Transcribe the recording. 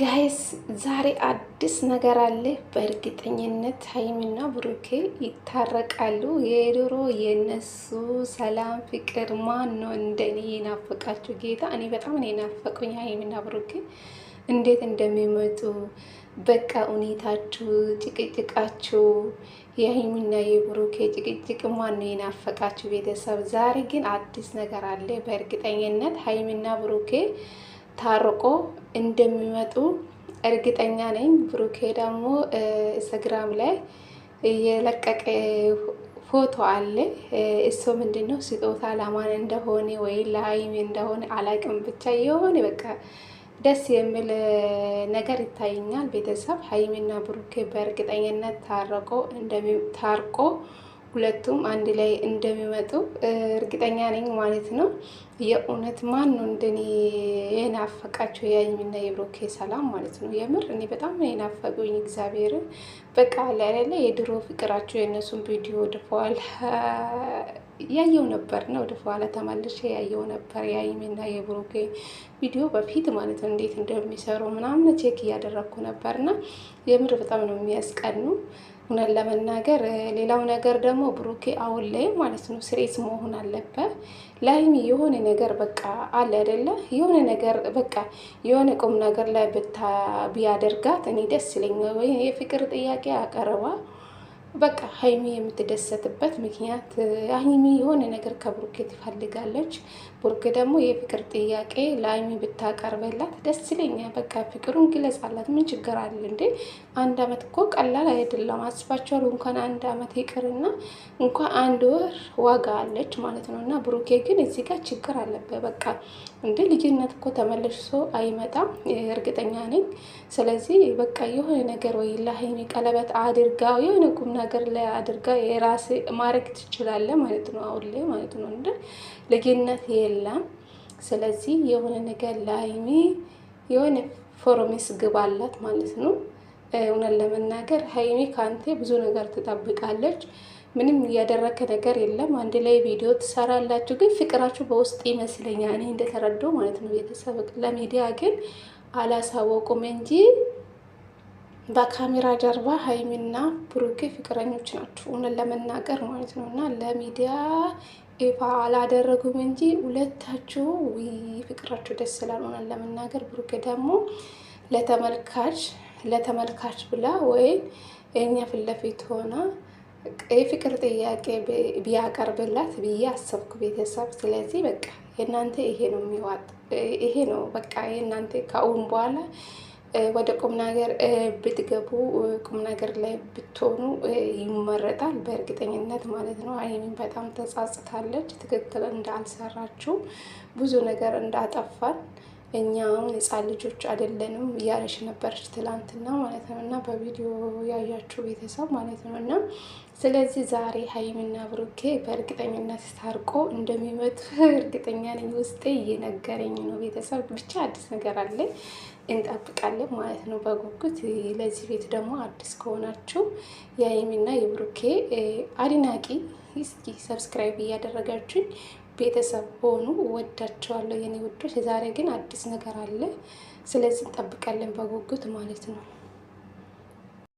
ጋይስ ዛሬ አዲስ ነገር አለ። በእርግጠኝነት ሀይሚና ብሩኬ ይታረቃሉ። የድሮ የነሱ ሰላም፣ ፍቅር ማን ነው እንደኔ የናፈቃችሁ ጌታ። እኔ በጣም ነው የናፈቁኝ ሀይሚና ብሩኬ እንዴት እንደሚመጡ በቃ ሁኔታችሁ፣ ጭቅጭቃችሁ የሀይሚና የብሩኬ ጭቅጭቅ ማን ነው የናፈቃችሁ ቤተሰብ። ዛሬ ግን አዲስ ነገር አለ በእርግጠኝነት ሀይሚና ብሩኬ ታርቆ እንደሚመጡ እርግጠኛ ነኝ። ብሩኬ ደግሞ ኢንስታግራም ላይ የለቀቀ ፎቶ አለ። እሱ ምንድነው ስጦታ ለማን እንደሆነ ወይ ለሀይሚ እንደሆነ አላቅም፣ ብቻ የሆነ በቃ ደስ የሚል ነገር ይታየኛል። ቤተሰብ ሀይሚና ብሩኬ በእርግጠኝነት ታርቆ ሁለቱም አንድ ላይ እንደሚመጡ እርግጠኛ ነኝ ማለት ነው። የእውነት ማን ነው እንደኔ የናፈቃቸው የሀይሚና የብሩኬ ሰላም ማለት ነው? የምር እኔ በጣም ነው የናፈቁኝ። እግዚአብሔርን በቃ ላይ የድሮ ፍቅራቸው የእነሱን ቪዲዮ ድፈዋል። ያየው ነበር ነው ወደ ኋላ ተመልሼ ያየው ነበር የሀይሚና የብሩኬ ቪዲዮ በፊት ማለት ነው እንዴት እንደሚሰሩ ምናምን ቼክ እያደረግኩ ነበርና የምር በጣም ነው የሚያስቀኑ እውነት ለመናገር ሌላው ነገር ደግሞ ብሩኬ አሁን ላይ ማለት ነው ስሬት መሆን አለበት። ላይም የሆነ ነገር በቃ አለ አይደለ? የሆነ ነገር በቃ የሆነ ቁም ነገር ላይ ብታ ቢያደርጋት እኔ ደስ ይለኛል። ወይ የፍቅር ጥያቄ አቀርባ በቃ ሀይሚ የምትደሰትበት ምክንያት ሀይሚ የሆነ ነገር ከብሩኬ ትፈልጋለች። ብሩኬ ደግሞ የፍቅር ጥያቄ ለሀይሚ ብታቀርበላት ደስ ይለኛል። በቃ ፍቅሩን ግለጻላት። ምን ችግር አለ እንዴ? አንድ አመት እኮ ቀላል አይደለም። አስባቸዋል። እንኳን አንድ አመት ይቅርና እንኳን አንድ ወር ዋጋ አለች ማለት ነው። እና ብሩኬ ግን እዚህ ጋር ችግር አለበት። በቃ እንደ ልጅነት እኮ ተመልሶ አይመጣም፣ እርግጠኛ ነኝ። ስለዚህ በቃ የሆነ ነገር ወይ ለሀይሚ ቀለበት አድርጋ የሆነ ቁምና ሀገር ላይ አድርጋ የራሴ ማድረግ ትችላለ ማለት ነው። አሁን ላይ ማለት ነው እንደ ልዩነት የለም። ስለዚህ የሆነ ነገር ላይሚ የሆነ ፎርሚስ ግባላት ማለት ነው። እውነት ለመናገር ሀይሚ ከአንቴ ብዙ ነገር ትጠብቃለች። ምንም እያደረከ ነገር የለም። አንድ ላይ ቪዲዮ ትሰራላችሁ፣ ግን ፍቅራችሁ በውስጥ ይመስለኛል እኔ እንደተረዳው ማለት ነው። ቤተሰብ ለሚዲያ ግን አላሳወቁም እንጂ በካሜራ ጀርባ ሀይሚና ብሩኬ ፍቅረኞች ናቸው፣ እውነት ለመናገር ማለት ነው። እና ለሚዲያ ይፋ አላደረጉም እንጂ ሁለታችሁ ውይ ፍቅራቸው ደስ ይላል፣ እውነት ለመናገር ብሩኬ ደግሞ ለተመልካች ለተመልካች ብላ ወይም እኛ ፊት ለፊት ሆና የፍቅር ጥያቄ ቢያቀርብላት ብዬ አሰብኩ ቤተሰብ። ስለዚህ በቃ የእናንተ ይሄ ነው የሚዋጥ ይሄ ነው በቃ የእናንተ ከአሁን በኋላ ወደ ቁም ነገር ብትገቡ ቁም ነገር ላይ ብትሆኑ ይመረጣል፣ በእርግጠኝነት ማለት ነው። ሀይሚን በጣም ተጻጽታለች። ትክክል እንዳልሰራችው ብዙ ነገር እንዳጠፋን እኛም ህፃን ልጆች አይደለንም እያለች ነበረች ትላንትና ማለት ነው። እና በቪዲዮ ያያችሁ ቤተሰብ ማለት ነው። እና ስለዚህ ዛሬ ሀይሚና ብሩኬ በእርግጠኝነት ታርቆ እንደሚመጡ እርግጠኛ ነኝ። ውስጤ እየነገረኝ ነው ቤተሰብ። ብቻ አዲስ ነገር አለ እንጠብቃለን ማለት ነው በጉጉት። ለዚህ ቤት ደግሞ አዲስ ከሆናችሁ የሀይሚና የብሩኬ አድናቂ እስኪ ሰብስክራይብ እያደረጋችሁኝ ቤተሰብ ሆኑ ወዳቸዋለሁ የኔ ውዶች። ዛሬ ግን አዲስ ነገር አለ። ስለዚህ እንጠብቃለን በጉጉት ማለት ነው።